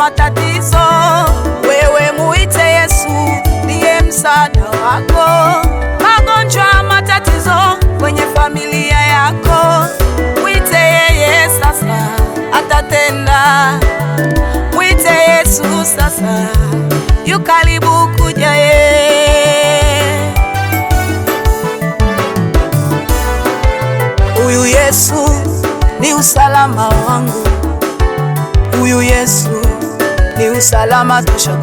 matatizo, wewe muite Yesu, ndiye msaada wako. Magonjwa, matatizo kwenye familia yako, mwite yeye sasa, atatenda. Mwite Yesu sasa, yu karibu kuja ye. Huyu Yesu ni usalama wangu, huyu Yesu Salama kesho